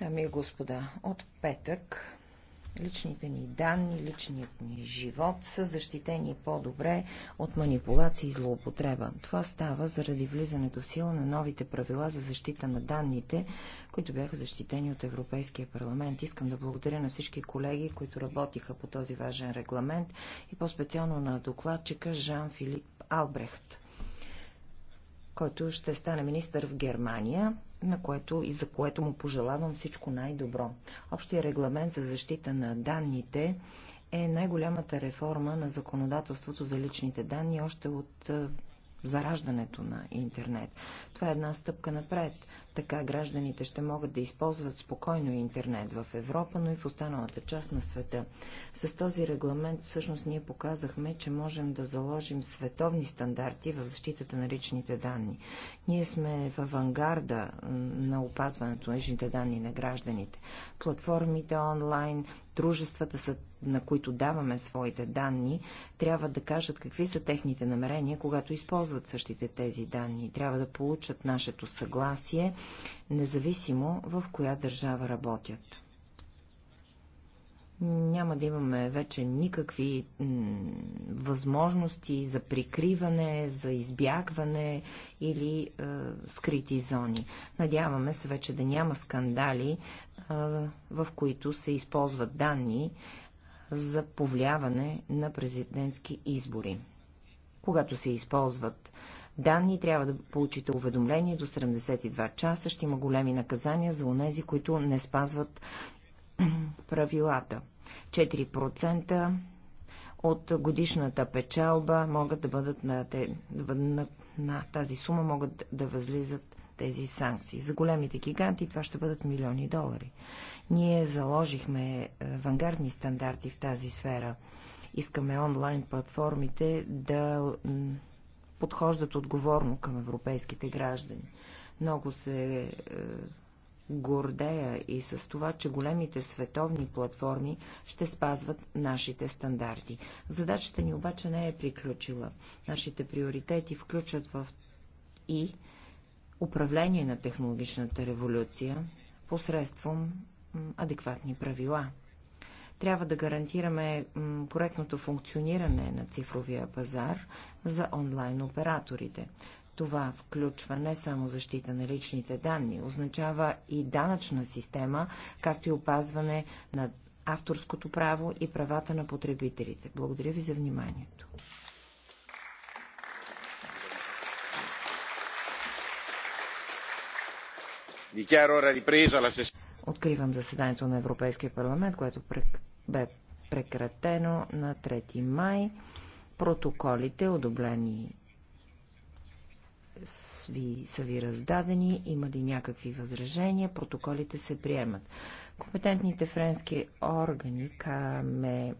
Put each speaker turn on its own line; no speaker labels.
Дами и господа, от петък личните ни данни, личният ни живот са защитени по-добре от манипулации и злоупотреба. Това става заради влизането в сила на новите правила за защита на данните, които бяха защитени от Европейския парламент. Искам да благодаря на всички колеги, които работиха по този важен регламент и по-специално на докладчика Жан-Филип Албрехт който ще стане министър в Германия на което и за което му пожелавам всичко най-добро. Общия регламент за защита на данните е най-голямата реформа на законодателството за личните данни още от е, зараждането на интернет. Това е една стъпка напред. Така гражданите ще могат да използват спокойно интернет в Европа, но и в останалата част на света. С този регламент всъщност ние показахме, че можем да заложим световни стандарти в защитата на личните данни. Ние сме в авангарда на опазването на личните данни на гражданите. Платформите онлайн, Дружествата, са, на които даваме своите данни, трябва да кажат какви са техните намерения, когато използват същите тези данни. Трябва да получат нашето съгласие, независимо в коя държава работят няма да имаме вече никакви възможности за прикриване, за избягване или е, скрити зони. Надяваме се вече да няма скандали, е, в които се използват данни за повлияване на президентски избори. Когато се използват данни, трябва да получите уведомление до 72 часа. Ще има големи наказания за онези, които не спазват правилата. 4% от годишната печалба могат да бъдат на, те, на, на тази сума могат да възлизат тези санкции. За големите гиганти това ще бъдат милиони долари. Ние заложихме е, авангардни стандарти в тази сфера. Искаме онлайн платформите да подхождат отговорно към европейските граждани. Много се е, гордея и с това, че големите световни платформи ще спазват нашите стандарти. Задачата ни обаче не е приключила. Нашите приоритети включат в и управление на технологичната революция посредством адекватни правила. Трябва да гарантираме коректното функциониране на цифровия пазар за онлайн операторите. Това включва не само защита на личните данни, означава и данъчна система, както и опазване на авторското право и правата на потребителите. Благодаря ви за вниманието. Откривам заседанието на Европейския парламент, което бе прекратено на 3 май. Протоколите, одобрени ви, са ви раздадени, има ли някакви възражения, протоколите се приемат. Компетентните френски органи каме.